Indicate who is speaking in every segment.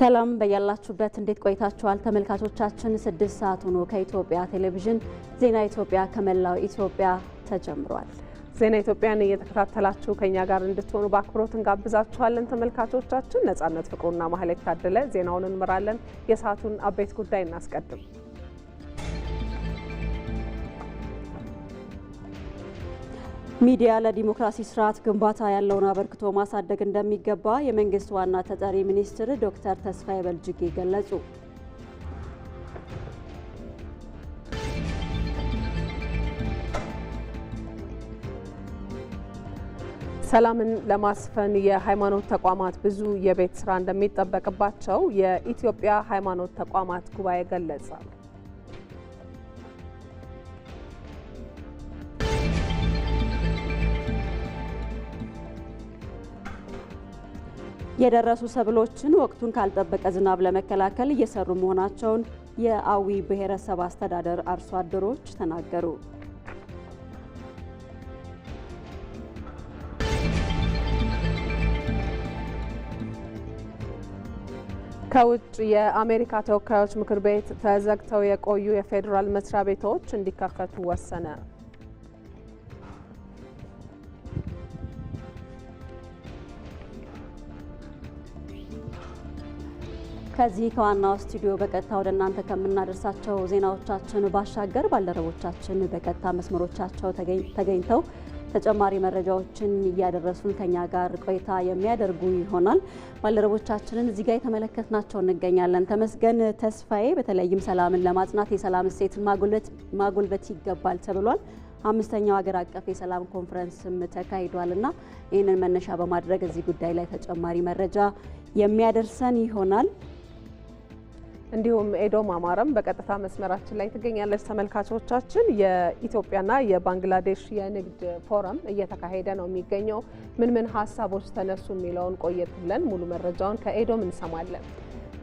Speaker 1: ሰላም በያላችሁበት እንዴት ቆይታችኋል? ተመልካቾቻችን ስድስት ሰዓት ሆኖ ከኢትዮጵያ ቴሌቪዥን ዜና ኢትዮጵያ ከመላው ኢትዮጵያ ተጀምሯል።
Speaker 2: ዜና ኢትዮጵያን እየተከታተላችሁ ከኛ ጋር እንድትሆኑ በአክብሮት እንጋብዛችኋለን። ተመልካቾቻችን ነጻነት ፍቅሩና ማህሌት ታደለ ዜናውን እንምራለን። የሰዓቱን አበይት ጉዳይ እናስቀድም።
Speaker 1: ሚዲያ ለዲሞክራሲ ስርዓት ግንባታ ያለውን አበርክቶ ማሳደግ እንደሚገባ የመንግስት ዋና ተጠሪ ሚኒስትር ዶክተር ተስፋዬ በልጅጌ ገለጹ።
Speaker 2: ሰላምን ለማስፈን የሃይማኖት ተቋማት ብዙ የቤት ስራ እንደሚጠበቅባቸው የኢትዮጵያ ሃይማኖት ተቋማት ጉባኤ ገለጸ።
Speaker 1: የደረሱ ሰብሎችን ወቅቱን ካልጠበቀ ዝናብ ለመከላከል እየሰሩ መሆናቸውን የአዊ ብሔረሰብ አስተዳደር አርሶ አደሮች ተናገሩ።
Speaker 2: ከውጭ የአሜሪካ ተወካዮች ምክር ቤት ተዘግተው የቆዩ የፌዴራል መስሪያ ቤቶች እንዲከፈቱ ወሰነ።
Speaker 1: ከዚህ ከዋናው ስቱዲዮ በቀጥታ ወደ እናንተ ከምናደርሳቸው ዜናዎቻችን ባሻገር ባልደረቦቻችን በቀጥታ መስመሮቻቸው ተገኝተው ተጨማሪ መረጃዎችን እያደረሱን ከኛ ጋር ቆይታ የሚያደርጉ ይሆናል። ባልደረቦቻችንን እዚህ ጋር የተመለከትናቸው እንገኛለን። ተመስገን ተስፋዬ በተለይም ሰላምን ለማጽናት የሰላም እሴትን ማጎልበት ይገባል ተብሏል። አምስተኛው ሀገር አቀፍ የሰላም ኮንፈረንስም ተካሂዷል እና ይህንን መነሻ በማድረግ እዚህ ጉዳይ ላይ ተጨማሪ መረጃ የሚያደርሰን ይሆናል።
Speaker 2: እንዲሁም ኤዶም አማረም በቀጥታ መስመራችን ላይ ትገኛለች። ተመልካቾቻችን የኢትዮጵያና የባንግላዴሽ የንግድ ፎረም እየተካሄደ ነው የሚገኘው። ምን ምን ሀሳቦች ተነሱ የሚለውን ቆየት ብለን ሙሉ መረጃውን ከኤዶም እንሰማለን።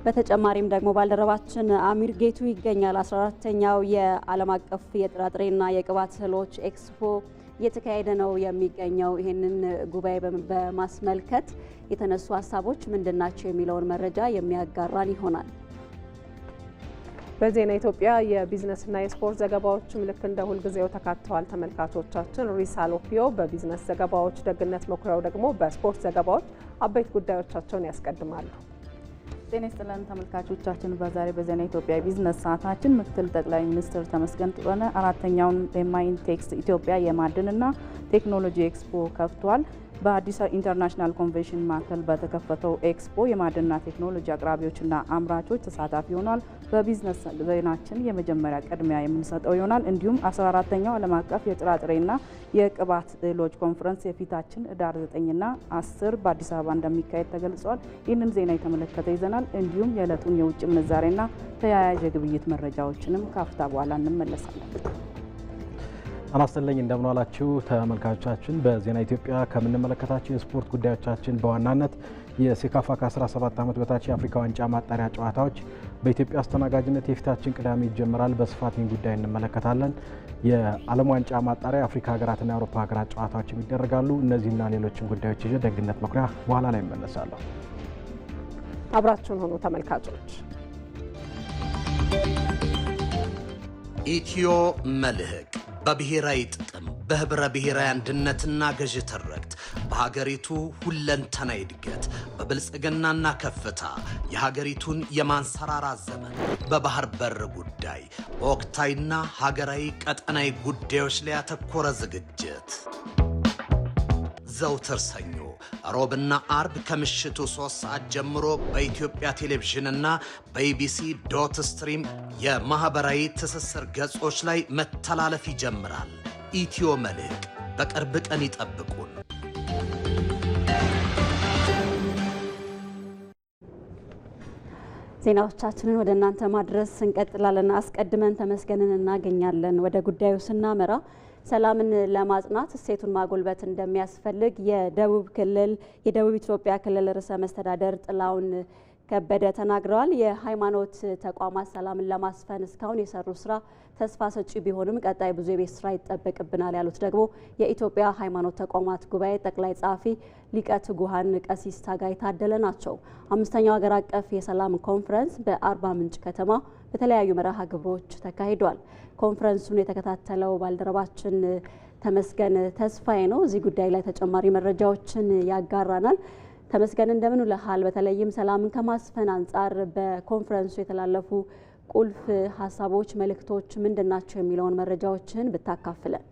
Speaker 1: በተጨማሪም ደግሞ ባልደረባችን አሚር ጌቱ ይገኛል። 14ተኛው የዓለም አቀፍ የጥራጥሬና የቅባት እህሎች ኤክስፖ እየተካሄደ ነው የሚገኘው። ይህንን ጉባኤ በማስመልከት የተነሱ ሀሳቦች ምንድናቸው የሚለውን መረጃ የሚያጋራን ይሆናል።
Speaker 2: በዜና ኢትዮጵያ የቢዝነስና የስፖርት ዘገባዎችም ልክ እንደ ሁልጊዜው ተካተዋል። ተመልካቾቻችን ሪሳሎፒዮ በቢዝነስ ዘገባዎች፣ ደግነት መኩሪያው ደግሞ በስፖርት ዘገባዎች አበይት ጉዳዮቻቸውን ያስቀድማሉ። ጤና ይስጥልን ተመልካቾቻችን። በዛሬ በዜና ኢትዮጵያ የቢዝነስ ሰዓታችን ምክትል ጠቅላይ ሚኒስትር ተመስገን ጥሩነህ አራተኛውን የማይንቴክስ ኢትዮጵያ የማዕድንና ቴክኖሎጂ ኤክስፖ ከፍቷል። በአዲስ ኢንተርናሽናል ኮንቬንሽን ማዕከል በተከፈተው ኤክስፖ የማዕድንና ቴክኖሎጂ አቅራቢዎችና አምራቾች ተሳታፊ ይሆናል። በቢዝነስ ዜናችን የመጀመሪያ ቅድሚያ የምንሰጠው ይሆናል። እንዲሁም 14ተኛው ዓለም አቀፍ የጥራጥሬና የቅባት እህሎች ኮንፈረንስ የፊታችን ኅዳር 9ና 10 በአዲስ አበባ እንደሚካሄድ ተገልጿል። ይህንን ዜና የተመለከተ ይዘናል። እንዲሁም የዕለቱን የውጭ ምንዛሬና ተያያዥ የግብይት መረጃዎችንም ካፍታ በኋላ እንመለሳለን።
Speaker 3: አናስተለኝ እንደምን ዋላችሁ ተመልካቾቻችን። በዜና ኢትዮጵያ ከምንመለከታቸው የስፖርት ጉዳዮቻችን በዋናነት የሴካፋ ከ17 ዓመት በታች የአፍሪካ ዋንጫ ማጣሪያ ጨዋታዎች በኢትዮጵያ አስተናጋጅነት የፊታችን ቅዳሜ ይጀምራል። በስፋት ይህን ጉዳይ እንመለከታለን። የዓለም ዋንጫ ማጣሪያ የአፍሪካ ሀገራትና የአውሮፓ ሀገራት ጨዋታዎችም ይደረጋሉ። እነዚህና ሌሎችን ጉዳዮች ይዤ ደግነት መኩሪያ በኋላ ላይ እመለሳለሁ።
Speaker 2: አብራችሁን ሆኑ ተመልካቾች።
Speaker 4: ኢትዮ መልህቅ በብሔራዊ ጥቅም በህብረ ብሔራዊ አንድነትና ገዥ ትርክት በሀገሪቱ ሁለንተና እድገት በብልጽግናና ከፍታ የሀገሪቱን የማንሰራራት ዘመን በባህር በር ጉዳይ በወቅታዊና ሀገራዊ ቀጠናዊ ጉዳዮች ላይ ያተኮረ ዝግጅት ዘውትር ሰኞ ሮብና አርብ ከምሽቱ ሶስት ሰዓት ጀምሮ በኢትዮጵያ ቴሌቪዥንና በኢቢሲ ዶት ስትሪም የማኅበራዊ ትስስር ገጾች ላይ መተላለፍ ይጀምራል። ኢትዮ መልሕቅ በቅርብ ቀን ይጠብቁን።
Speaker 1: ዜናዎቻችንን ወደ እናንተ ማድረስ እንቀጥላለን። አስቀድመን ተመስገንን እናገኛለን። ወደ ጉዳዩ ስናመራ ሰላምን ለማጽናት እሴቱን ማጎልበት እንደሚያስፈልግ የደቡብ ክልል የደቡብ ኢትዮጵያ ክልል ርዕሰ መስተዳደር ጥላውን ከበደ ተናግረዋል። የሃይማኖት ተቋማት ሰላምን ለማስፈን እስካሁን የሰሩ ስራ ተስፋ ሰጪ ቢሆንም ቀጣይ ብዙ የቤት ስራ ይጠበቅብናል ያሉት ደግሞ የኢትዮጵያ ሃይማኖት ተቋማት ጉባኤ ጠቅላይ ጸሐፊ ሊቀ ትጉሃን ቀሲስ ታጋይ ታደለ ናቸው። አምስተኛው ሀገር አቀፍ የሰላም ኮንፈረንስ በአርባ ምንጭ ከተማ በተለያዩ መርሃ ግብሮች ተካሂዷል። ኮንፈረንሱን የተከታተለው ባልደረባችን ተመስገን ተስፋዬ ነው። እዚህ ጉዳይ ላይ ተጨማሪ መረጃዎችን ያጋራናል። ተመስገን እንደምን ውለሃል? በተለይም ሰላምን ከማስፈን አንጻር በኮንፈረንሱ የተላለፉ ቁልፍ ሀሳቦች፣ መልእክቶች ምንድን ናቸው የሚለውን መረጃዎችን ብታካፍለን።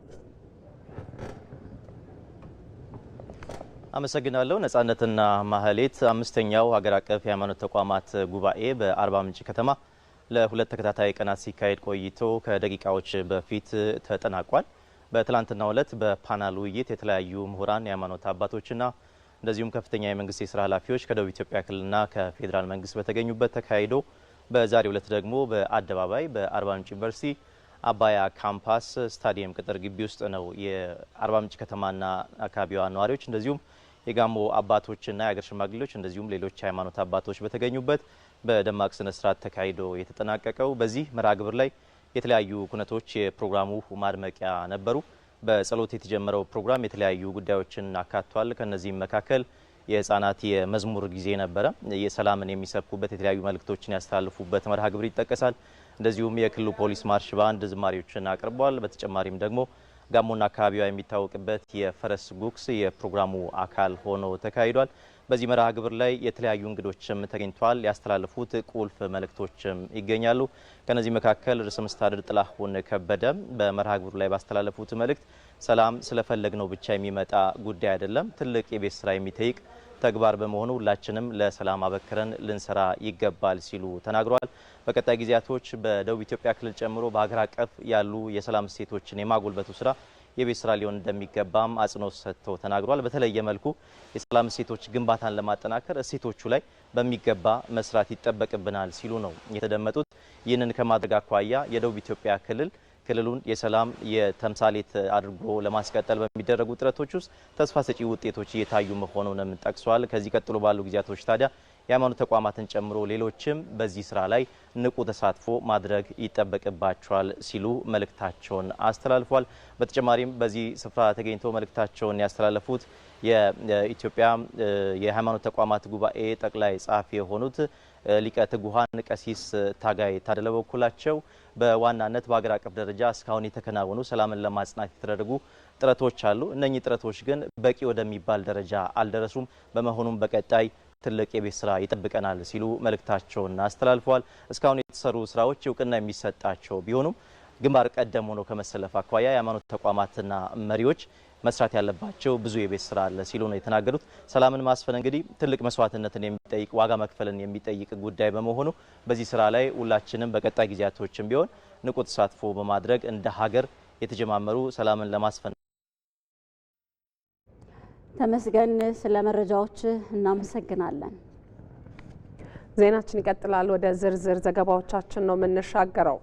Speaker 5: አመሰግናለሁ ነጻነትና ማህሌት። አምስተኛው ሀገር አቀፍ የሃይማኖት ተቋማት ጉባኤ በአርባ ምንጭ ከተማ ለሁለት ተከታታይ ቀናት ሲካሄድ ቆይቶ ከደቂቃዎች በፊት ተጠናቋል። በትላንትናው ሁለት በፓናል ውይይት የተለያዩ ምሁራን፣ የሃይማኖት አባቶችና እንደዚሁም ከፍተኛ የመንግስት የስራ ኃላፊዎች ከደቡብ ኢትዮጵያ ክልልና ከፌዴራል መንግስት በተገኙበት ተካሂዶ በዛሬው ሁለት ደግሞ በአደባባይ በአርባ ምንጭ ዩኒቨርሲቲ አባያ ካምፓስ ስታዲየም ቅጥር ግቢ ውስጥ ነው የአርባ ምንጭ ከተማና አካባቢዋ ነዋሪዎች እንደዚሁም የጋሞ አባቶችና የአገር ሽማግሌዎች እንደዚሁም ሌሎች ሃይማኖት አባቶች በተገኙበት በደማቅ ስነ ስርዓት ተካሂዶ የተጠናቀቀው። በዚህ መርሃ ግብር ላይ የተለያዩ ኩነቶች የፕሮግራሙ ማድመቂያ ነበሩ። በጸሎት የተጀመረው ፕሮግራም የተለያዩ ጉዳዮችን አካቷል። ከነዚህም መካከል የህፃናት የመዝሙር ጊዜ ነበረ። የሰላምን የሚሰብኩበት የተለያዩ መልእክቶችን ያስተላልፉበት መርሃ ግብር ይጠቀሳል። እንደዚሁም የክልሉ ፖሊስ ማርሽ ባንድ ዝማሬዎችን አቅርቧል። በተጨማሪም ደግሞ ጋሞና አካባቢዋ የሚታወቅበት የፈረስ ጉግስ የፕሮግራሙ አካል ሆኖ ተካሂዷል። በዚህ መርሃ ግብር ላይ የተለያዩ እንግዶችም ተገኝተዋል። ያስተላለፉት ቁልፍ መልእክቶችም ይገኛሉ። ከነዚህ መካከል ርዕሰ መስተዳድር ጥላሁን ከበደ በመርሃ ግብሩ ላይ ባስተላለፉት መልእክት ሰላም ስለፈለግነው ብቻ የሚመጣ ጉዳይ አይደለም፣ ትልቅ የቤት ስራ የሚጠይቅ ተግባር በመሆኑ ሁላችንም ለሰላም አበክረን ልንሰራ ይገባል ሲሉ ተናግረዋል። በቀጣይ ጊዜያቶች በደቡብ ኢትዮጵያ ክልል ጨምሮ በሀገር አቀፍ ያሉ የሰላም እሴቶችን የማጎልበቱ ስራ የቤት ስራ ሊሆን እንደሚገባም አጽንኦት ሰጥቶ ተናግሯል። በተለየ መልኩ የሰላም እሴቶች ግንባታን ለማጠናከር እሴቶቹ ላይ በሚገባ መስራት ይጠበቅብናል ሲሉ ነው የተደመጡት። ይህንን ከማድረግ አኳያ የደቡብ ኢትዮጵያ ክልል ክልሉን የሰላም የተምሳሌት አድርጎ ለማስቀጠል በሚደረጉ ጥረቶች ውስጥ ተስፋ ሰጪ ውጤቶች እየታዩ መሆኑንም ጠቅሷል። ከዚህ ቀጥሎ ባሉ ጊዜያቶች ታዲያ የሃይማኖት ተቋማትን ጨምሮ ሌሎችም በዚህ ስራ ላይ ንቁ ተሳትፎ ማድረግ ይጠበቅባቸዋል ሲሉ መልእክታቸውን አስተላልፏል። በተጨማሪም በዚህ ስፍራ ተገኝተው መልእክታቸውን ያስተላለፉት የኢትዮጵያ የሃይማኖት ተቋማት ጉባኤ ጠቅላይ ጸሐፊ የሆኑት ሊቀ ትጉሃን ቀሲስ ታጋይ ታደለ በበኩላቸው በዋናነት በሀገር አቀፍ ደረጃ እስካሁን የተከናወኑ ሰላምን ለማጽናት የተደረጉ ጥረቶች አሉ። እነኚህ ጥረቶች ግን በቂ ወደሚባል ደረጃ አልደረሱም። በመሆኑም በቀጣይ ትልቅ የቤት ስራ ይጠብቀናል ሲሉ መልእክታቸውን አስተላልፈዋል። እስካሁን የተሰሩ ስራዎች እውቅና የሚሰጣቸው ቢሆኑም ግንባር ቀደም ሆኖ ከመሰለፍ አኳያ የሃይማኖት ተቋማትና መሪዎች መስራት ያለባቸው ብዙ የቤት ስራ አለ ሲሉ ነው የተናገሩት። ሰላምን ማስፈን እንግዲህ ትልቅ መስዋዕትነትን የሚጠይቅ ዋጋ መክፈልን የሚጠይቅ ጉዳይ በመሆኑ በዚህ ስራ ላይ ሁላችንም በቀጣይ ጊዜያቶችም ቢሆን ንቁ ተሳትፎ በማድረግ እንደ ሀገር የተጀማመሩ ሰላምን ለማስፈን
Speaker 1: ተመስገን፣ ስለ መረጃዎች እናመሰግናለን።
Speaker 2: ዜናችን ይቀጥላል። ወደ ዝርዝር ዘገባዎቻችን ነው የምንሻገረው።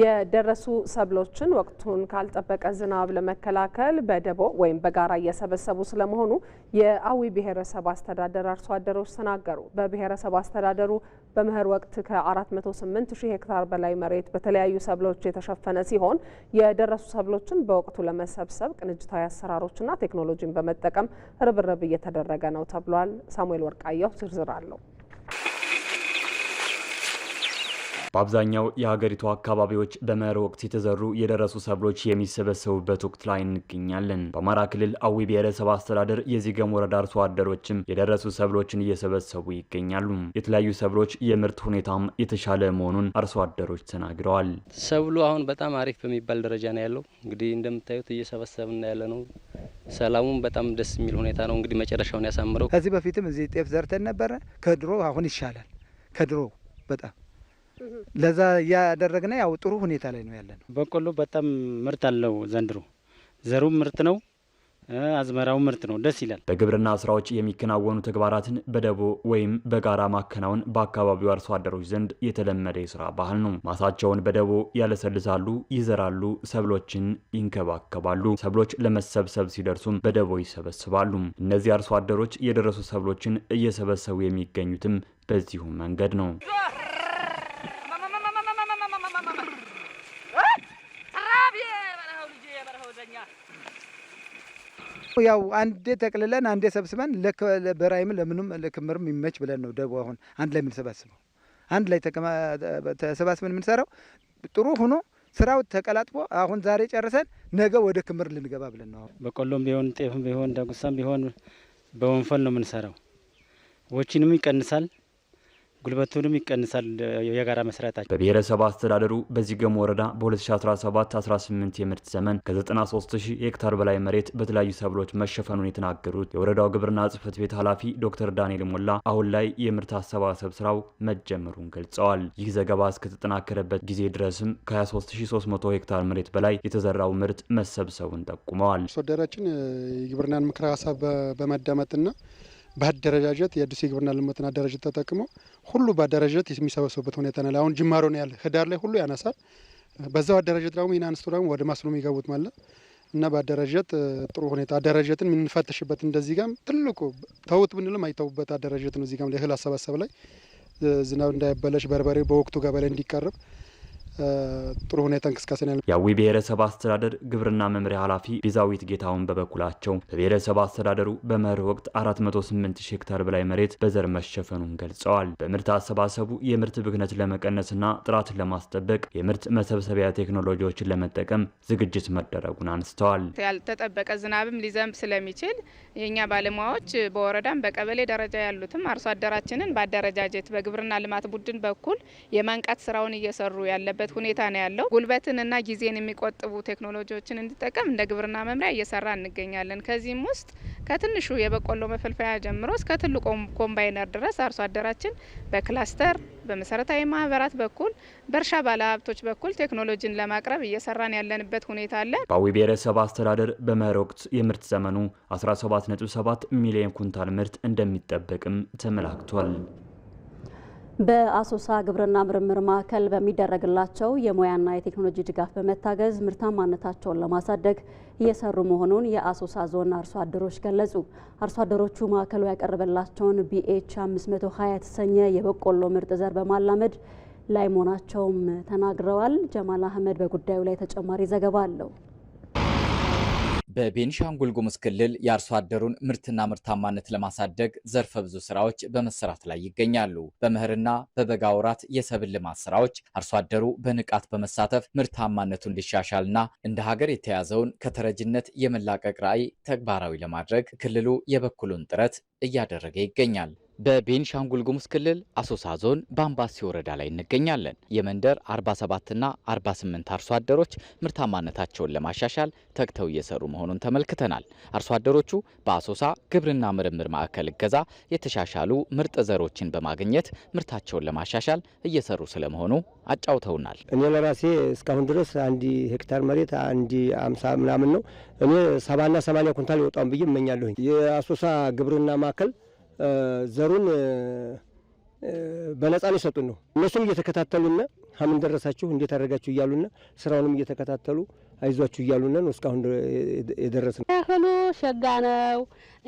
Speaker 2: የደረሱ ሰብሎችን ወቅቱን ካልጠበቀ ዝናብ ለመከላከል በደቦ ወይም በጋራ እየሰበሰቡ ስለመሆኑ የአዊ ብሔረሰብ አስተዳደር አርሶ አደሮች ተናገሩ። በብሔረሰብ አስተዳደሩ በመኸር ወቅት ከ408 ሺህ ሄክታር በላይ መሬት በተለያዩ ሰብሎች የተሸፈነ ሲሆን የደረሱ ሰብሎችን በወቅቱ ለመሰብሰብ ቅንጅታዊ አሰራሮችና ቴክኖሎጂን በመጠቀም ርብርብ እየተደረገ ነው ተብሏል። ሳሙኤል ወርቃየሁ ዝርዝር አለው።
Speaker 6: በአብዛኛው የሀገሪቱ አካባቢዎች በመኸር ወቅት የተዘሩ የደረሱ ሰብሎች የሚሰበሰቡበት ወቅት ላይ እንገኛለን። በአማራ ክልል አዊ ብሔረሰብ አስተዳደር የዚገም ወረዳ አርሶ አደሮችም የደረሱ ሰብሎችን እየሰበሰቡ ይገኛሉ። የተለያዩ ሰብሎች የምርት ሁኔታም የተሻለ መሆኑን አርሶ አደሮች ተናግረዋል።
Speaker 7: ሰብሉ አሁን በጣም አሪፍ በሚባል ደረጃ ነው ያለው። እንግዲህ እንደምታዩት እየሰበሰብን ያለ ነው። ሰላሙም በጣም ደስ የሚል ሁኔታ ነው። እንግዲህ መጨረሻውን ያሳምረው።
Speaker 8: ከዚህ በፊትም እዚህ ጤፍ ዘርተን ነበረ። ከድሮ አሁን ይሻላል። ከድሮ በጣም ለዛ እያደረግን ያው ጥሩ ሁኔታ ላይ ነው ያለ ነው።
Speaker 7: በቆሎ በጣም ምርት አለው ዘንድሮ። ዘሩም ምርት ነው፣ አዝመራው ምርት ነው። ደስ ይላል።
Speaker 6: በግብርና ስራዎች የሚከናወኑ ተግባራትን በደቦ ወይም በጋራ ማከናወን በአካባቢው አርሶ አደሮች ዘንድ የተለመደ የስራ ባህል ነው። ማሳቸውን በደቦ ያለሰልሳሉ፣ ይዘራሉ፣ ሰብሎችን ይንከባከባሉ። ሰብሎች ለመሰብሰብ ሲደርሱም በደቦ ይሰበስባሉ። እነዚህ አርሶ አደሮች የደረሱ ሰብሎችን እየሰበሰቡ የሚገኙትም በዚሁ መንገድ ነው።
Speaker 8: ይመስለኛል። ያው አንዴ ጠቅልለን አንዴ ሰብስበን ለበራይም ለምንም ለክምርም የሚመች ብለን ነው ደቡ አሁን አንድ ላይ የምንሰባስበው አንድ ላይ ተሰባስበን የምንሰራው ጥሩ ሆኖ ስራው ተቀላጥፎ አሁን ዛሬ ጨርሰን ነገ ወደ ክምር ልንገባ ብለን ነው።
Speaker 7: በቆሎም ቢሆን ጤፍም ቢሆን ዳጉሳም ቢሆን በወንፈል ነው የምንሰራው። ወጪንም ይቀንሳል፣ ጉልበቱንም ይቀንሳል። የጋራ መስራታቸው
Speaker 6: በብሔረሰብ አስተዳደሩ በዚገም ወረዳ በ2017/18 የምርት ዘመን ከ93000 ሄክታር በላይ መሬት በተለያዩ ሰብሎች መሸፈኑን የተናገሩት የወረዳው ግብርና ጽሕፈት ቤት ኃላፊ ዶክተር ዳንኤል ሞላ አሁን ላይ የምርት አሰባሰብ ስራው መጀመሩን ገልጸዋል። ይህ ዘገባ እስከተጠናከረበት ጊዜ ድረስም ከ23300 ሄክታር መሬት በላይ የተዘራው ምርት መሰብሰቡን ጠቁመዋል።
Speaker 9: ሶደራችን የግብርናን ምክረ ሀሳብ በማዳመጥና በአደረጃጀት የአዲስ የግብርና ልማትን አደረጃጀት ተጠቅሞ ሁሉ በአደረጃጀት የሚሰበሰቡበት ሁኔታ ነው። አሁን ጅማሮ ነው ያለ። ህዳር ላይ ሁሉ ያነሳል። በዛው አደረጃጀት ደግሞ ይህን አንስቶ ደግሞ ወደ ማስኖ የሚገቡት ማለት እና በአደረጃጀት ጥሩ ሁኔታ አደረጃጀትን የምንፈትሽበት እንደዚህ ጋም ትልቁ ተውት ብንልም አይተውበት አደረጃጀት ነው። እዚህ ጋም ለእህል አሰባሰብ ላይ ዝናብ እንዳይበለሽ በርበሬ በወቅቱ ገበያ ላይ እንዲቀርብ ጥሩ ሁኔታ እንቅስቃሴ ነው።
Speaker 6: የአዊ ብሔረሰብ አስተዳደር ግብርና መምሪያ ኃላፊ ቤዛዊት ጌታሁን በበኩላቸው በብሔረሰብ አስተዳደሩ በመኸር ወቅት 408 ሺህ ሄክታር በላይ መሬት በዘር መሸፈኑን ገልጸዋል። በምርት አሰባሰቡ የምርት ብክነት ለመቀነስና ጥራትን ለማስጠበቅ የምርት መሰብሰቢያ ቴክኖሎጂዎችን ለመጠቀም ዝግጅት መደረጉን አንስተዋል።
Speaker 10: ያልተጠበቀ ዝናብም ሊዘንብ ስለሚችል የእኛ ባለሙያዎች በወረዳም በቀበሌ ደረጃ ያሉትም አርሶ አደራችንን በአደረጃጀት በግብርና ልማት ቡድን በኩል የማንቃት ስራውን እየሰሩ ያለበት ያለበት ሁኔታ ነው ያለው። ጉልበትንና ጊዜን የሚቆጥቡ ቴክኖሎጂዎችን እንዲጠቀም እንደ ግብርና መምሪያ እየሰራ እንገኛለን። ከዚህም ውስጥ ከትንሹ የበቆሎ መፈልፈያ ጀምሮ እስከ ትልቁ ኮምባይነር ድረስ አርሶ አደራችን በክላስተር በመሰረታዊ ማህበራት በኩል በእርሻ ባለሀብቶች በኩል ቴክኖሎጂን ለማቅረብ እየሰራን ያለንበት ሁኔታ አለ።
Speaker 6: በአዊ ብሔረሰብ አስተዳደር በመኸር ወቅት የምርት ዘመኑ 17.7 ሚሊዮን ኩንታል ምርት እንደሚጠበቅም ተመላክቷል።
Speaker 1: በአሶሳ ግብርና ምርምር ማዕከል በሚደረግላቸው የሙያና የቴክኖሎጂ ድጋፍ በመታገዝ ምርታማነታቸውን ለማሳደግ እየሰሩ መሆኑን የአሶሳ ዞን አርሶ አደሮች ገለጹ። አርሶ አደሮቹ ማዕከሉ ያቀረበላቸውን ቢኤች 520 የተሰኘ የበቆሎ ምርጥ ዘር በማላመድ ላይ መሆናቸውም ተናግረዋል። ጀማል አህመድ በጉዳዩ ላይ ተጨማሪ ዘገባ አለው።
Speaker 6: በቤንሻንጉል ጉሙዝ ክልል የአርሶ አደሩን ምርትና ምርታማነት ለማሳደግ ዘርፈ ብዙ ስራዎች በመሰራት ላይ ይገኛሉ። በመኸርና በበጋ ወራት የሰብል ልማት ስራዎች አርሶ አደሩ በንቃት በመሳተፍ ምርታማነቱ እንዲሻሻልና እንደ ሀገር የተያዘውን ከተረጅነት የመላቀቅ ራዕይ ተግባራዊ ለማድረግ ክልሉ የበኩሉን ጥረት እያደረገ ይገኛል። በቤንሻንጉል ጉሙዝ ክልል አሶሳ ዞን በአምባሲ ወረዳ ላይ እንገኛለን። የመንደር 47ና 48 አርሶ አደሮች ምርታማነታቸውን ለማሻሻል ተግተው እየሰሩ መሆኑን ተመልክተናል። አርሶ አደሮቹ በአሶሳ ግብርና ምርምር ማዕከል እገዛ የተሻሻሉ ምርጥ ዘሮችን በማግኘት ምርታቸውን ለማሻሻል እየሰሩ ስለመሆኑ አጫውተውናል።
Speaker 9: እኔ ለራሴ እስካሁን ድረስ አንድ ሄክታር መሬት አንድ አምሳ ምናምን ነው። እኔ ሰባና ሰማኒያ ኩንታል ይወጣውን ብዬ እመኛለሁኝ። የአሶሳ ግብርና ማዕከል ዘሩን በነጻ ነው የሰጡን ነው። እነሱም እየተከታተሉና ሀምን ደረሳችሁ እንዴት አደረጋችሁ እያሉና ስራውንም እየተከታተሉ አይዟችሁ እያሉና ነው እስካሁን የደረስ ነው።
Speaker 11: እህሉ ሸጋ ነው።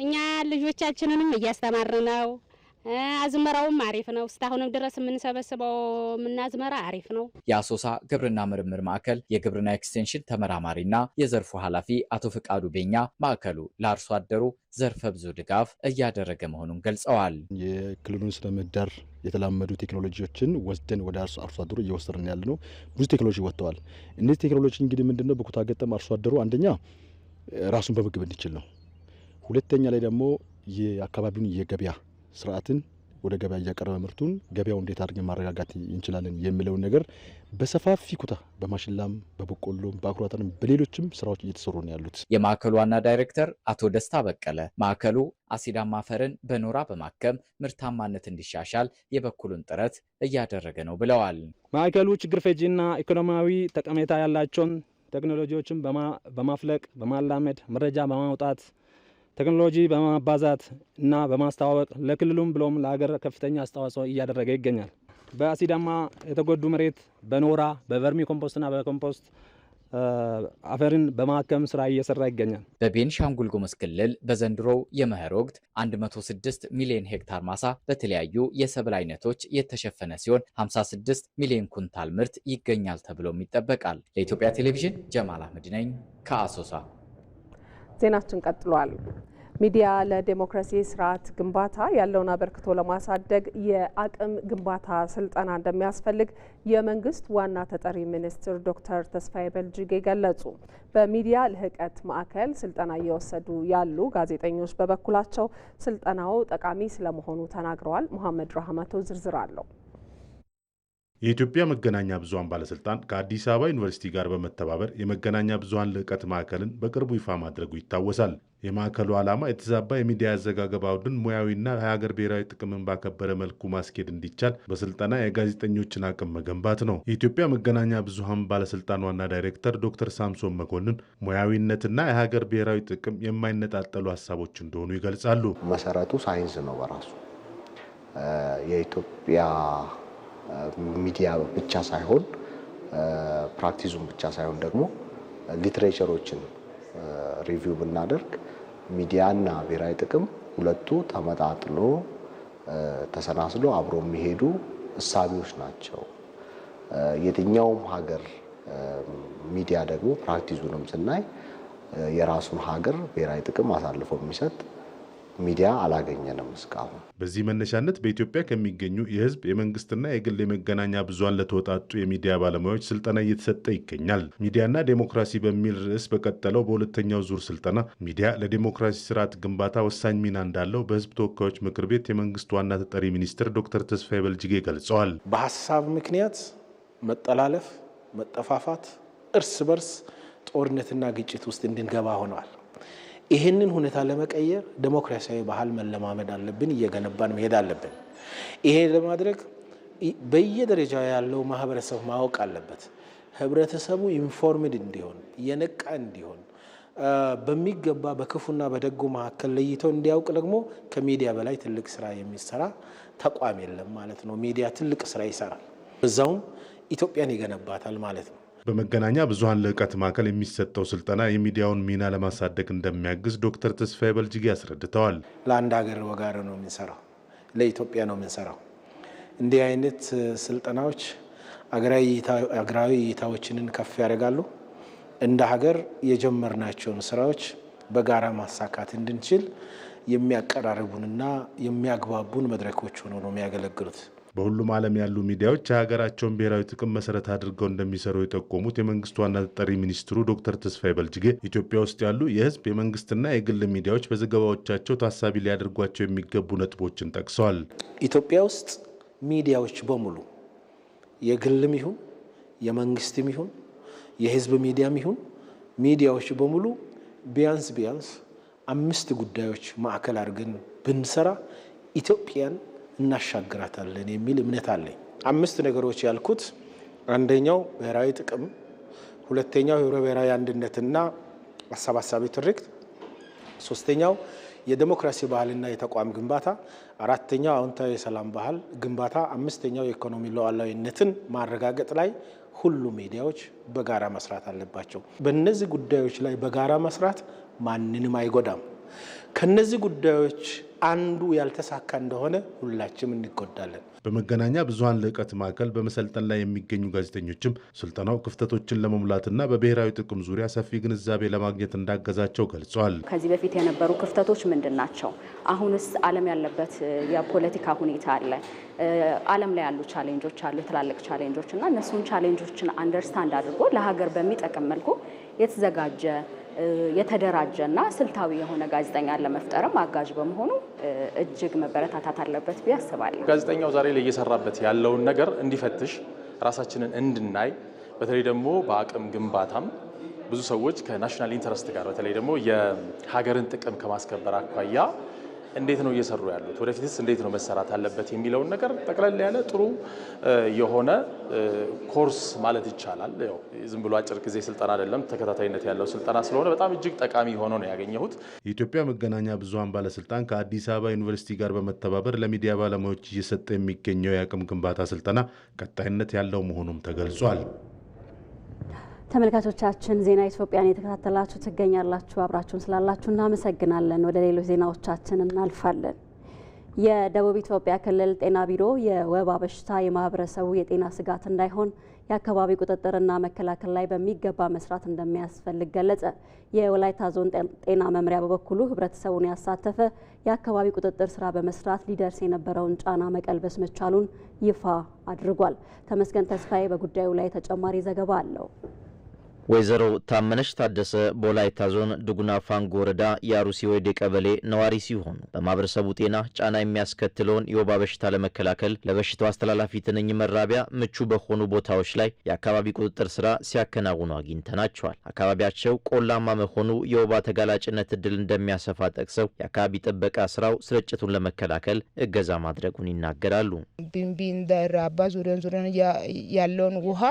Speaker 11: እኛ ልጆቻችንንም እያስተማር ነው አዝመራውም አሪፍ ነው። እስካሁንም ድረስ የምንሰበስበው የምናዝመራ አሪፍ ነው።
Speaker 6: የአሶሳ ግብርና ምርምር ማዕከል የግብርና ኤክስቴንሽን ተመራማሪና የዘርፉ ኃላፊ አቶ ፍቃዱ ቤኛ ማዕከሉ ለአርሶ አደሩ ዘርፈ ብዙ ድጋፍ እያደረገ መሆኑን ገልጸዋል።
Speaker 12: የክልሉን ስነ ምህዳር የተላመዱ ቴክኖሎጂዎችን ወስደን ወደ አርሶ አደሩ እየወሰድን ያለ ነው። ብዙ ቴክኖሎጂ ወጥተዋል። እነዚህ ቴክኖሎጂ እንግዲህ ምንድነው በኩታ ገጠም አርሶ አደሩ አንደኛ ራሱን በምግብ እንዲችል ነው። ሁለተኛ ላይ ደግሞ የአካባቢውን የገበያ ስርዓትን ወደ ገበያ እያቀረበ ምርቱን ገበያው እንዴት አድርገን ማረጋጋት እንችላለን የሚለውን ነገር በሰፋፊ ኩታ በማሽላም በበቆሎም በአኩሪ አተርም በሌሎችም ስራዎች እየተሰሩ ነው ያሉት
Speaker 6: የማዕከሉ ዋና ዳይሬክተር አቶ ደስታ በቀለ ማዕከሉ አሲዳማ አፈርን በኖራ በማከም ምርታማነት እንዲሻሻል የበኩሉን ጥረት እያደረገ ነው ብለዋል።
Speaker 13: ማዕከሉ ችግር ፈጂና ኢኮኖሚያዊ ጠቀሜታ ያላቸውን ቴክኖሎጂዎችን በማፍለቅ በማላመድ መረጃ በማውጣት ቴክኖሎጂ በማባዛት እና በማስተዋወቅ ለክልሉም ብሎም ለሀገር ከፍተኛ አስተዋጽኦ እያደረገ ይገኛል። በአሲዳማ የተጎዱ መሬት በኖራ በቨርሚ ኮምፖስትና በኮምፖስት አፈርን በማከም ስራ እየሰራ ይገኛል።
Speaker 6: በቤንሻንጉል ጉሙዝ ክልል በዘንድሮው የመኸር ወቅት 106 ሚሊዮን ሄክታር ማሳ በተለያዩ የሰብል አይነቶች የተሸፈነ ሲሆን 56 ሚሊዮን ኩንታል ምርት ይገኛል ተብሎም ይጠበቃል። ለኢትዮጵያ ቴሌቪዥን ጀማል አህመድ ነኝ ከአሶሳ
Speaker 2: ዜናችን ቀጥሏል። ሚዲያ ለዴሞክራሲ ስርዓት ግንባታ ያለውን አበርክቶ ለማሳደግ የአቅም ግንባታ ስልጠና እንደሚያስፈልግ የመንግስት ዋና ተጠሪ ሚኒስትር ዶክተር ተስፋዬ በልጅጌ ገለጹ። በሚዲያ ልህቀት ማዕከል ስልጠና እየወሰዱ ያሉ ጋዜጠኞች በበኩላቸው ስልጠናው ጠቃሚ ስለመሆኑ ተናግረዋል። መሐመድ ረህመቶ ዝርዝር አለው።
Speaker 14: የኢትዮጵያ መገናኛ ብዙሃን ባለስልጣን ከአዲስ አበባ ዩኒቨርሲቲ ጋር በመተባበር የመገናኛ ብዙሃን ልዕቀት ማዕከልን በቅርቡ ይፋ ማድረጉ ይታወሳል። የማዕከሉ ዓላማ የተዛባ የሚዲያ አዘጋገብ አውድን ሙያዊና የሀገር ብሔራዊ ጥቅምን ባከበረ መልኩ ማስኬድ እንዲቻል በስልጠና የጋዜጠኞችን አቅም መገንባት ነው። የኢትዮጵያ መገናኛ ብዙሃን ባለስልጣን ዋና ዳይሬክተር ዶክተር ሳምሶን መኮንን ሙያዊነትና የሀገር ብሔራዊ ጥቅም የማይነጣጠሉ ሀሳቦች እንደሆኑ ይገልጻሉ።
Speaker 15: መሰረቱ ሳይንስ ነው። በራሱ የኢትዮጵያ ሚዲያ ብቻ ሳይሆን ፕራክቲሱን ብቻ ሳይሆን ደግሞ ሊትሬቸሮችን ሪቪው ብናደርግ ሚዲያና ብሔራዊ ጥቅም ሁለቱ ተመጣጥሎ ተሰናስሎ አብሮ የሚሄዱ እሳቢዎች ናቸው። የትኛውም ሀገር ሚዲያ ደግሞ ፕራክቲሱንም ስናይ የራሱን ሀገር ብሔራዊ ጥቅም አሳልፎ የሚሰጥ ሚዲያ አላገኘንም እስካሁን።
Speaker 14: በዚህ መነሻነት በኢትዮጵያ ከሚገኙ የህዝብ የመንግስትና የግል የመገናኛ ብዙሃን ለተወጣጡ የሚዲያ ባለሙያዎች ስልጠና እየተሰጠ ይገኛል። ሚዲያና ዴሞክራሲ በሚል ርዕስ በቀጠለው በሁለተኛው ዙር ስልጠና ሚዲያ ለዴሞክራሲ ስርዓት ግንባታ ወሳኝ ሚና እንዳለው በህዝብ ተወካዮች ምክር ቤት የመንግስት ዋና ተጠሪ ሚኒስትር ዶክተር ተስፋዬ በልጅጌ ገልጸዋል።
Speaker 15: በሀሳብ ምክንያት መጠላለፍ፣ መጠፋፋት፣ እርስ በርስ ጦርነትና ግጭት ውስጥ እንድንገባ ሆነዋል። ይህንን ሁኔታ ለመቀየር ዴሞክራሲያዊ ባህል መለማመድ አለብን፣ እየገነባን መሄድ አለብን። ይሄ ለማድረግ በየደረጃው ያለው ማህበረሰብ ማወቅ አለበት። ህብረተሰቡ ኢንፎርምድ እንዲሆን የነቃ እንዲሆን በሚገባ በክፉና በደጉ መካከል ለይተው እንዲያውቅ ደግሞ ከሚዲያ በላይ ትልቅ ስራ የሚሰራ ተቋም የለም ማለት ነው። ሚዲያ ትልቅ ስራ ይሰራል፣ እዛውም ኢትዮጵያን ይገነባታል ማለት ነው።
Speaker 14: በመገናኛ ብዙሀን ልዕቀት ማዕከል የሚሰጠው ስልጠና የሚዲያውን ሚና ለማሳደግ እንደሚያግዝ ዶክተር ተስፋዬ በልጅጌ አስረድተዋል።
Speaker 15: ለአንድ ሀገር ወጋር ነው የምንሰራው፣ ለኢትዮጵያ ነው የምንሰራው። እንዲህ አይነት ስልጠናዎች አገራዊ እይታዎችንን ከፍ ያደርጋሉ። እንደ ሀገር የጀመርናቸውን ስራዎች በጋራ ማሳካት እንድንችል የሚያቀራርቡንና የሚያግባቡን መድረኮች ሆኖ ነው የሚያገለግሉት።
Speaker 14: በሁሉም ዓለም ያሉ ሚዲያዎች የሀገራቸውን ብሔራዊ ጥቅም መሰረት አድርገው እንደሚሰሩ የጠቆሙት የመንግስት ዋና ተጠሪ ሚኒስትሩ ዶክተር ተስፋዬ በልጅጌ ኢትዮጵያ ውስጥ ያሉ የህዝብ የመንግስትና የግል ሚዲያዎች በዘገባዎቻቸው ታሳቢ ሊያደርጓቸው የሚገቡ ነጥቦችን ጠቅሰዋል።
Speaker 15: ኢትዮጵያ ውስጥ ሚዲያዎች በሙሉ የግልም ይሁን የመንግስትም ይሁን የህዝብ ሚዲያም ይሁን ሚዲያዎች በሙሉ ቢያንስ ቢያንስ አምስት ጉዳዮች ማዕከል አድርገን ብንሰራ ኢትዮጵያን እናሻግራታለን የሚል እምነት አለኝ። አምስት ነገሮች ያልኩት አንደኛው ብሔራዊ ጥቅም፣ ሁለተኛው ህብረ ብሔራዊ አንድነትና አሰባሳቢ ትርክት፣ ሶስተኛው የዴሞክራሲ ባህልና የተቋም ግንባታ፣ አራተኛው አዎንታዊ የሰላም ባህል ግንባታ፣ አምስተኛው የኢኮኖሚ ሉዓላዊነትን ማረጋገጥ ላይ ሁሉ ሚዲያዎች በጋራ መስራት አለባቸው። በእነዚህ ጉዳዮች ላይ በጋራ መስራት ማንንም አይጎዳም። ከነዚህ ጉዳዮች አንዱ ያልተሳካ እንደሆነ ሁላችንም እንጎዳለን።
Speaker 14: በመገናኛ ብዙሀን ልዕቀት ማዕከል በመሰልጠን ላይ የሚገኙ ጋዜጠኞችም ስልጠናው ክፍተቶችን ለመሙላትና በብሔራዊ ጥቅም ዙሪያ ሰፊ ግንዛቤ ለማግኘት እንዳገዛቸው ገልጿል።
Speaker 16: ከዚህ በፊት የነበሩ ክፍተቶች ምንድን ናቸው? አሁንስ ዓለም ያለበት የፖለቲካ ሁኔታ አለ። ዓለም ላይ ያሉ ቻሌንጆች አሉ፣ ትላልቅ ቻሌንጆች እና እነሱን ቻሌንጆችን አንደርስታንድ አድርጎ ለሀገር በሚጠቅም መልኩ የተዘጋጀ የተደራጀና ስልታዊ የሆነ ጋዜጠኛ ለመፍጠርም አጋዥ በመሆኑ እጅግ መበረታታት አለበት ብዬ አስባለሁ።
Speaker 17: ጋዜጠኛው ዛሬ ላይ እየሰራበት ያለውን ነገር እንዲፈትሽ፣ ራሳችንን እንድናይ፣ በተለይ ደግሞ በአቅም ግንባታም ብዙ ሰዎች ከናሽናል ኢንተረስት ጋር በተለይ ደግሞ የሀገርን ጥቅም ከማስከበር አኳያ እንዴት ነው እየሰሩ ያሉት፣ ወደፊትስ እንዴት ነው መሰራት አለበት የሚለውን ነገር ጠቅለል ያለ ጥሩ የሆነ ኮርስ ማለት ይቻላል። ያው ዝም ብሎ አጭር ጊዜ ስልጠና አይደለም፣ ተከታታይነት ያለው ስልጠና ስለሆነ በጣም እጅግ ጠቃሚ ሆኖ ነው ያገኘሁት።
Speaker 14: የኢትዮጵያ መገናኛ ብዙሃን ባለስልጣን ከአዲስ አበባ ዩኒቨርሲቲ ጋር በመተባበር ለሚዲያ ባለሙያዎች እየሰጠ የሚገኘው የአቅም ግንባታ ስልጠና ቀጣይነት ያለው መሆኑም ተገልጿል።
Speaker 1: ተመልካቾቻችን ዜና ኢትዮጵያን የተከታተላችሁ ትገኛላችሁ። አብራችሁን ስላላችሁ እናመሰግናለን። ወደ ሌሎች ዜናዎቻችን እናልፋለን። የደቡብ ኢትዮጵያ ክልል ጤና ቢሮ የወባ በሽታ የማህበረሰቡ የጤና ስጋት እንዳይሆን የአካባቢ ቁጥጥርና መከላከል ላይ በሚገባ መስራት እንደሚያስፈልግ ገለጸ። የወላይታ ዞን ጤና መምሪያ በበኩሉ ህብረተሰቡን ያሳተፈ የአካባቢ ቁጥጥር ስራ በመስራት ሊደርስ የነበረውን ጫና መቀልበስ መቻሉን ይፋ አድርጓል። ተመስገን ተስፋዬ በጉዳዩ ላይ ተጨማሪ ዘገባ አለው።
Speaker 6: ወይዘሮ ታመነሽ ታደሰ በወላይታ ዞን ድጉና ፋንጎ ወረዳ የአሩሲ ወይዴ ቀበሌ ነዋሪ ሲሆኑ በማህበረሰቡ ጤና ጫና የሚያስከትለውን የወባ በሽታ ለመከላከል ለበሽታው አስተላላፊ ትንኝ መራቢያ ምቹ በሆኑ ቦታዎች ላይ የአካባቢ ቁጥጥር ስራ ሲያከናውኑ አግኝተናቸዋል። አካባቢያቸው ቆላማ መሆኑ የወባ ተጋላጭነት እድል እንደሚያሰፋ ጠቅሰው የአካባቢ ጥበቃ ስራው ስርጭቱን ለመከላከል እገዛ ማድረጉን ይናገራሉ።
Speaker 18: ቢንቢ እንዳይራባ ዙሪያን ዙሪያን ያለውን ውሃ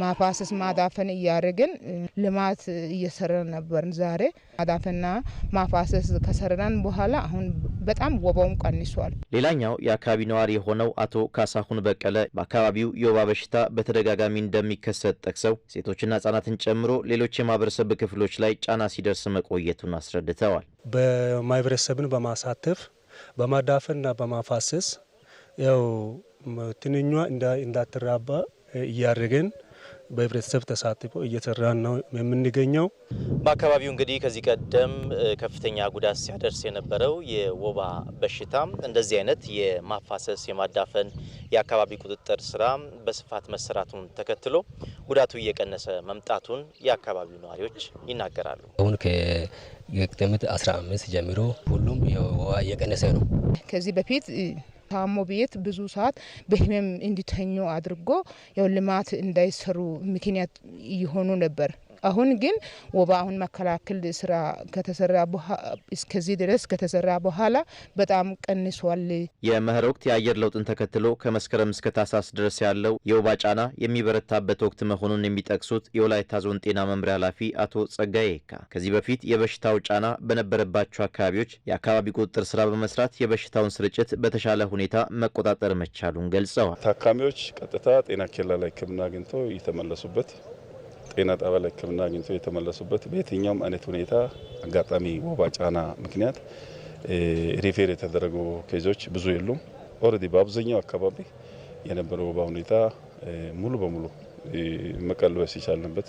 Speaker 18: ማፋሰስ ማዳፈን እያደረግን ልማት እየሰራን ነበርን። ዛሬ ማዳፈንና ማፋሰስ ከሰራን በኋላ አሁን በጣም ወባውም ቀንሷል።
Speaker 6: ሌላኛው የአካባቢ ነዋሪ የሆነው አቶ ካሳሁን በቀለ በአካባቢው የወባ በሽታ በተደጋጋሚ እንደሚከሰት ጠቅሰው ሴቶችና ህጻናትን ጨምሮ ሌሎች የማህበረሰብ ክፍሎች ላይ ጫና ሲደርስ መቆየቱን አስረድተዋል።
Speaker 19: በማህበረሰብን በማሳተፍ በማዳፈንና በማፋሰስ ያው ትንኛ እንዳትራባ እያደረገን በህብረተሰብ ተሳትፎ እየሰራን ነው የምንገኘው።
Speaker 20: በአካባቢው እንግዲህ ከዚህ ቀደም ከፍተኛ ጉዳት ሲያደርስ የነበረው የወባ በሽታ እንደዚህ አይነት የማፋሰስ የማዳፈን የአካባቢ ቁጥጥር ስራ በስፋት መሰራቱን ተከትሎ ጉዳቱ እየቀነሰ መምጣቱን የአካባቢው ነዋሪዎች ይናገራሉ።
Speaker 21: አሁን ከጥቅምት 15 ጀምሮ ሁሉም የወባ እየቀነሰ ነው።
Speaker 18: ከዚህ በፊት ታሞ ቤት ብዙ ሰዓት በህመም እንዲተኙ አድርጎ ያው ልማት እንዳይሰሩ ምክንያት እየሆኑ ነበር። አሁን ግን ወባ አሁን መከላከል ስራ ከተሰራ እስከዚህ ድረስ ከተሰራ በኋላ በጣም ቀንሷል።
Speaker 6: የመኸር ወቅት የአየር ለውጥን ተከትሎ ከመስከረም እስከ ታህሳስ ድረስ ያለው የወባ ጫና የሚበረታበት ወቅት መሆኑን የሚጠቅሱት የወላይታ ዞን ጤና መምሪያ ኃላፊ አቶ ጸጋዬ ካ ከዚህ በፊት የበሽታው ጫና በነበረባቸው አካባቢዎች የአካባቢ ቁጥጥር ስራ በመስራት የበሽታውን ስርጭት በተሻለ ሁኔታ መቆጣጠር መቻሉን ገልጸዋል።
Speaker 22: ታካሚዎች ቀጥታ ጤና ኬላ ላይ ሕክምና አግኝተው እየተመለሱበት ጤና ጣቢያ ሕክምና አግኝቶ የተመለሱበት በየትኛውም አይነት ሁኔታ አጋጣሚ ወባ ጫና ምክንያት ሪፌር የተደረጉ ኬዞች ብዙ የሉም። ኦልሬዲ በአብዛኛው አካባቢ የነበረው ወባ ሁኔታ ሙሉ በሙሉ መቀልበስ የቻልንበት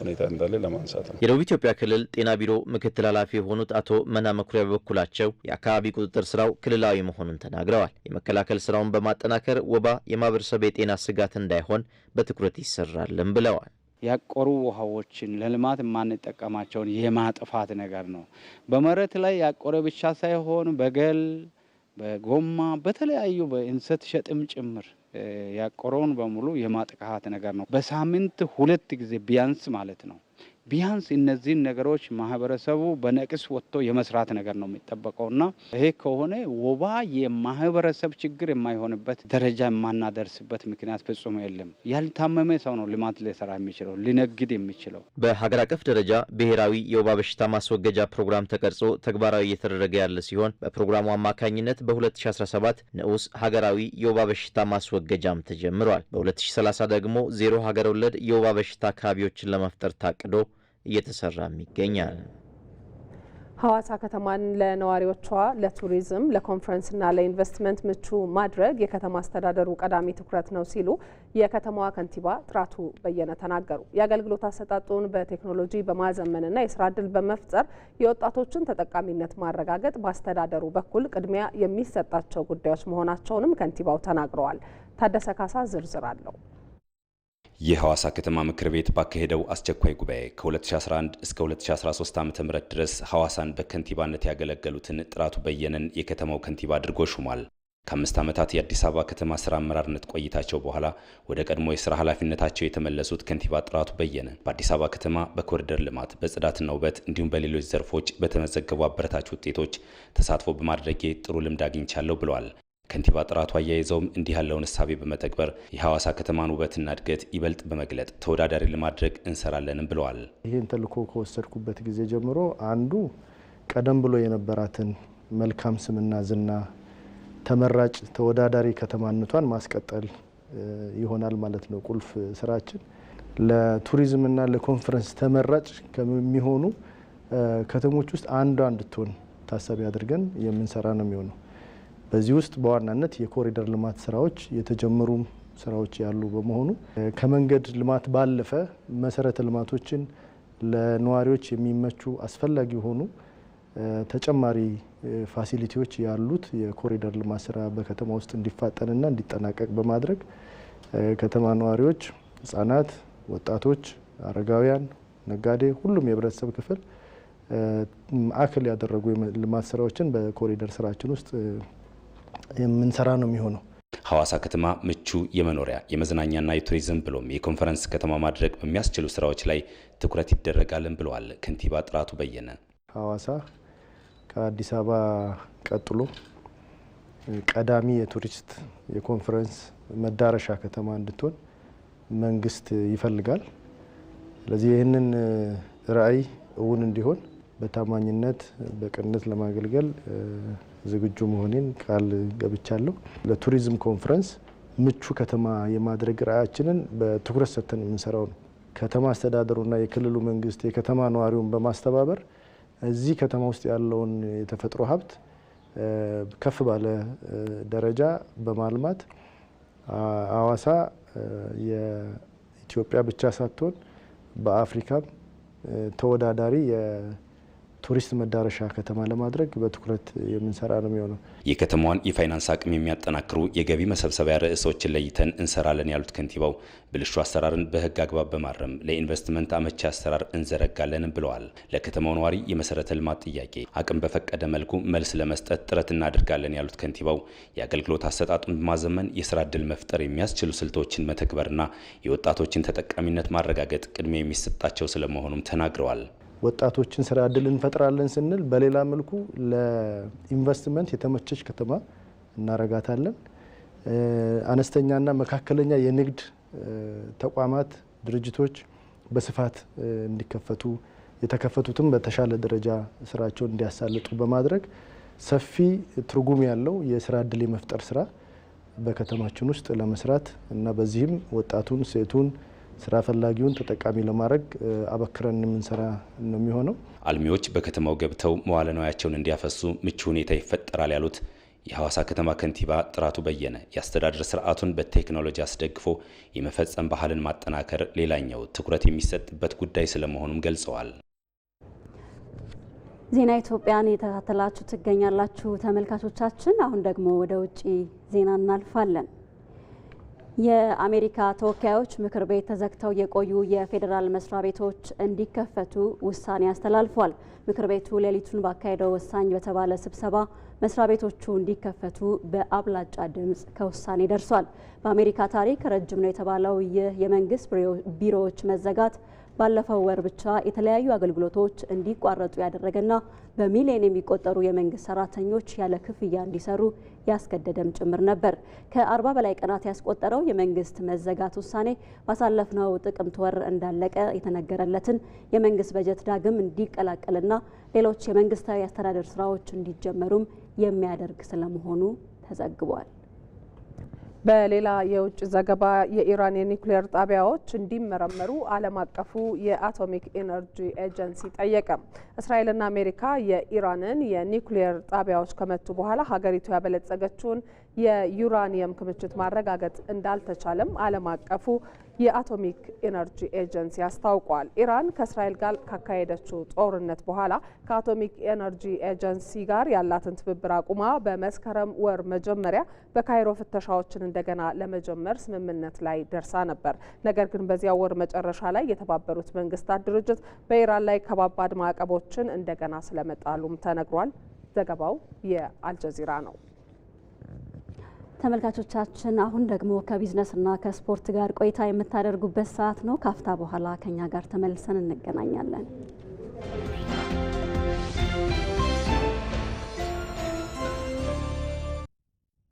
Speaker 22: ሁኔታ እንዳለ ለማንሳት ነው።
Speaker 6: የደቡብ ኢትዮጵያ ክልል ጤና ቢሮ ምክትል ኃላፊ የሆኑት አቶ መና መኩሪያ በበኩላቸው የአካባቢ ቁጥጥር ስራው ክልላዊ መሆኑን ተናግረዋል። የመከላከል ስራውን በማጠናከር ወባ የማህበረሰብ የጤና ስጋት እንዳይሆን በትኩረት ይሰራልን ብለዋል።
Speaker 23: ያቆሩ ውሃዎችን ለልማት የማንጠቀማቸውን የማጥፋት ነገር ነው። በመሬት ላይ ያቆረ ብቻ ሳይሆን በገል በጎማ በተለያዩ በእንሰት ሸጥም ጭምር ያቆረውን በሙሉ የማጥቃት ነገር ነው። በሳምንት ሁለት ጊዜ ቢያንስ ማለት ነው ቢያንስ እነዚህን ነገሮች ማህበረሰቡ በነቅስ ወጥቶ የመስራት ነገር ነው የሚጠበቀው እና ይሄ ከሆነ ወባ የማህበረሰብ ችግር የማይሆንበት ደረጃ የማናደርስበት ምክንያት ፍጹም የለም። ያልታመመ ሰው ነው ልማት ሊሰራ የሚችለው ሊነግድ የሚችለው።
Speaker 6: በሀገር አቀፍ ደረጃ ብሔራዊ የወባ በሽታ ማስወገጃ ፕሮግራም ተቀርጾ ተግባራዊ እየተደረገ ያለ ሲሆን በፕሮግራሙ አማካኝነት በ2017 ንዑስ ሀገራዊ የወባ በሽታ ማስወገጃም ተጀምሯል። በ2030 ደግሞ ዜሮ ሀገር ወለድ የወባ በሽታ አካባቢዎችን ለመፍጠር ታቅዶ እየተሰራም ይገኛል።
Speaker 2: ሐዋሳ ከተማን ለነዋሪዎቿ ለቱሪዝም፣ ለኮንፈረንስና ለኢንቨስትመንት ምቹ ማድረግ የከተማ አስተዳደሩ ቀዳሚ ትኩረት ነው ሲሉ የከተማዋ ከንቲባ ጥራቱ በየነ ተናገሩ። የአገልግሎት አሰጣጡን በቴክኖሎጂ በማዘመንና የስራ እድል በመፍጠር የወጣቶችን ተጠቃሚነት ማረጋገጥ በአስተዳደሩ በኩል ቅድሚያ የሚሰጣቸው ጉዳዮች መሆናቸውንም ከንቲባው ተናግረዋል። ታደሰ ካሳ ዝርዝር አለው።
Speaker 6: የሐዋሳ ከተማ ምክር ቤት ባካሄደው አስቸኳይ ጉባኤ ከ2011 እስከ 2013 ዓ.ም ድረስ ሐዋሳን በከንቲባነት ያገለገሉትን ጥራቱ በየነን የከተማው ከንቲባ አድርጎ ሹሟል። ከአምስት ዓመታት የአዲስ አበባ ከተማ ስራ አመራርነት ቆይታቸው በኋላ ወደ ቀድሞ የስራ ኃላፊነታቸው የተመለሱት ከንቲባ ጥራቱ በየነ በአዲስ አበባ ከተማ በኮሪደር ልማት፣ በጽዳትና ውበት እንዲሁም በሌሎች ዘርፎች በተመዘገቡ አበረታች ውጤቶች ተሳትፎ በማድረጌ ጥሩ ልምድ አግኝቻለሁ ብለዋል። ከንቲባ ጥራቱ አያይዘውም እንዲህ ያለውን እሳቤ በመተግበር የሐዋሳ ከተማን ውበትና እድገት ይበልጥ በመግለጥ ተወዳዳሪ ለማድረግ እንሰራለንም ብለዋል።
Speaker 19: ይህን ተልኮ ከወሰድኩበት ጊዜ ጀምሮ አንዱ ቀደም ብሎ የነበራትን መልካም ስምና ዝና ተመራጭ ተወዳዳሪ ከተማነቷን ማስቀጠል ይሆናል ማለት ነው። ቁልፍ ስራችን ለቱሪዝምና ለኮንፈረንስ ተመራጭ ከሚሆኑ ከተሞች ውስጥ አንዷ እንድትሆን ታሳቢ አድርገን የምንሰራ ነው የሚሆነው። በዚህ ውስጥ በዋናነት የኮሪደር ልማት ስራዎች የተጀመሩ ስራዎች ያሉ በመሆኑ ከመንገድ ልማት ባለፈ መሰረተ ልማቶችን ለነዋሪዎች የሚመቹ አስፈላጊ የሆኑ ተጨማሪ ፋሲሊቲዎች ያሉት የኮሪደር ልማት ስራ በከተማ ውስጥ እንዲፋጠንና እንዲጠናቀቅ በማድረግ ከተማ ነዋሪዎች፣ ህጻናት፣ ወጣቶች፣ አረጋውያን፣ ነጋዴ፣ ሁሉም የህብረተሰብ ክፍል ማዕከል ያደረጉ ልማት ስራዎችን በኮሪደር ስራችን ውስጥ የምንሰራ ነው የሚሆነው።
Speaker 6: ሐዋሳ ከተማ ምቹ የመኖሪያ የመዝናኛና የቱሪዝም ብሎም የኮንፈረንስ ከተማ ማድረግ በሚያስችሉ ስራዎች ላይ ትኩረት ይደረጋልን ብለዋል ከንቲባ ጥራቱ በየነ።
Speaker 19: ሐዋሳ ከአዲስ አበባ ቀጥሎ ቀዳሚ የቱሪስት የኮንፈረንስ መዳረሻ ከተማ እንድትሆን መንግስት ይፈልጋል። ስለዚህ ይህንን ራዕይ እውን እንዲሆን በታማኝነት በቅንነት ለማገልገል ዝግጁ መሆኔን ቃል ገብቻለሁ። ለቱሪዝም ኮንፈረንስ ምቹ ከተማ የማድረግ ራዕያችንን በትኩረት ሰጥተን የምንሰራው ነው። ከተማ አስተዳደሩና የክልሉ መንግስት የከተማ ነዋሪውን በማስተባበር እዚህ ከተማ ውስጥ ያለውን የተፈጥሮ ሀብት ከፍ ባለ ደረጃ በማልማት ሀዋሳ የኢትዮጵያ ብቻ ሳትሆን በአፍሪካም ተወዳዳሪ ቱሪስት መዳረሻ ከተማ ለማድረግ በትኩረት የምንሰራ ነው የሚሆነው።
Speaker 6: የከተማዋን የፋይናንስ አቅም የሚያጠናክሩ የገቢ መሰብሰቢያ ርዕሶችን ለይተን እንሰራለን ያሉት ከንቲባው ብልሹ አሰራርን በህግ አግባብ በማረም ለኢንቨስትመንት አመቺ አሰራር እንዘረጋለንም ብለዋል። ለከተማው ነዋሪ የመሰረተ ልማት ጥያቄ አቅም በፈቀደ መልኩ መልስ ለመስጠት ጥረት እናደርጋለን ያሉት ከንቲባው የአገልግሎት አሰጣጡን በማዘመን የስራ እድል መፍጠር የሚያስችሉ ስልቶችን መተግበርና የወጣቶችን ተጠቃሚነት ማረጋገጥ ቅድሚያ የሚሰጣቸው ስለመሆኑም ተናግረዋል።
Speaker 19: ወጣቶችን ስራ እድል እንፈጥራለን ስንል በሌላ መልኩ ለኢንቨስትመንት የተመቸች ከተማ እናረጋታለን። አነስተኛና መካከለኛ የንግድ ተቋማት፣ ድርጅቶች በስፋት እንዲከፈቱ የተከፈቱትም በተሻለ ደረጃ ስራቸውን እንዲያሳልጡ በማድረግ ሰፊ ትርጉም ያለው የስራ እድል የመፍጠር ስራ በከተማችን ውስጥ ለመስራት እና በዚህም ወጣቱን ሴቱን ስራ ፈላጊውን ተጠቃሚ ለማድረግ አበክረን የምንሰራ ነው የሚሆነው።
Speaker 6: አልሚዎች በከተማው ገብተው መዋለ ንዋያቸውን እንዲያፈሱ ምቹ ሁኔታ ይፈጠራል ያሉት የሐዋሳ ከተማ ከንቲባ ጥራቱ በየነ የአስተዳደር ስርዓቱን በቴክኖሎጂ አስደግፎ የመፈጸም ባህልን ማጠናከር ሌላኛው ትኩረት የሚሰጥበት ጉዳይ ስለመሆኑም ገልጸዋል።
Speaker 1: ዜና ኢትዮጵያን የተከታተላችሁ ትገኛላችሁ ተመልካቾቻችን። አሁን ደግሞ ወደ ውጭ ዜና እናልፋለን። የአሜሪካ ተወካዮች ምክር ቤት ተዘግተው የቆዩ የፌዴራል መስሪያ ቤቶች እንዲከፈቱ ውሳኔ አስተላልፏል። ምክር ቤቱ ሌሊቱን ባካሄደው ወሳኝ በተባለ ስብሰባ መስሪያ ቤቶቹ እንዲከፈቱ በአብላጫ ድምፅ ከውሳኔ ደርሷል። በአሜሪካ ታሪክ ረጅም ነው የተባለው ይህ የመንግስት ቢሮዎች መዘጋት ባለፈው ወር ብቻ የተለያዩ አገልግሎቶች እንዲቋረጡ ያደረገና በሚሊዮን የሚቆጠሩ የመንግስት ሰራተኞች ያለ ክፍያ እንዲሰሩ ያስገደደም ጭምር ነበር። ከአርባ በላይ ቀናት ያስቆጠረው የመንግስት መዘጋት ውሳኔ ባሳለፍነው ጥቅምት ወር እንዳለቀ የተነገረለትን የመንግስት በጀት ዳግም እንዲቀላቀልና ሌሎች የመንግስታዊ አስተዳደር ስራዎች እንዲጀመሩም የሚያደርግ ስለመሆኑ ተዘግቧል።
Speaker 2: በሌላ የውጭ ዘገባ የኢራን የኒውክሌር ጣቢያዎች እንዲመረመሩ ዓለም አቀፉ የአቶሚክ ኤነርጂ ኤጀንሲ ጠየቀ። እስራኤልና አሜሪካ የኢራንን የኒውክሌር ጣቢያዎች ከመቱ በኋላ ሀገሪቱ ያበለጸገችውን የዩራኒየም ክምችት ማረጋገጥ እንዳልተቻለም ዓለም አቀፉ የአቶሚክ ኤነርጂ ኤጀንሲ አስታውቋል። ኢራን ከእስራኤል ጋር ካካሄደችው ጦርነት በኋላ ከአቶሚክ ኤነርጂ ኤጀንሲ ጋር ያላትን ትብብር አቁማ በመስከረም ወር መጀመሪያ በካይሮ ፍተሻዎችን እንደገና ለመጀመር ስምምነት ላይ ደርሳ ነበር። ነገር ግን በዚያ ወር መጨረሻ ላይ የተባበሩት መንግስታት ድርጅት በኢራን ላይ ከባባድ ማዕቀቦችን እንደገና ስለመጣሉም ተነግሯል። ዘገባው የአልጀዚራ ነው።
Speaker 1: ተመልካቾቻችን አሁን ደግሞ ከቢዝነስና ከስፖርት ጋር ቆይታ የምታደርጉበት ሰዓት ነው። ካፍታ በኋላ ከኛ ጋር ተመልሰን እንገናኛለን።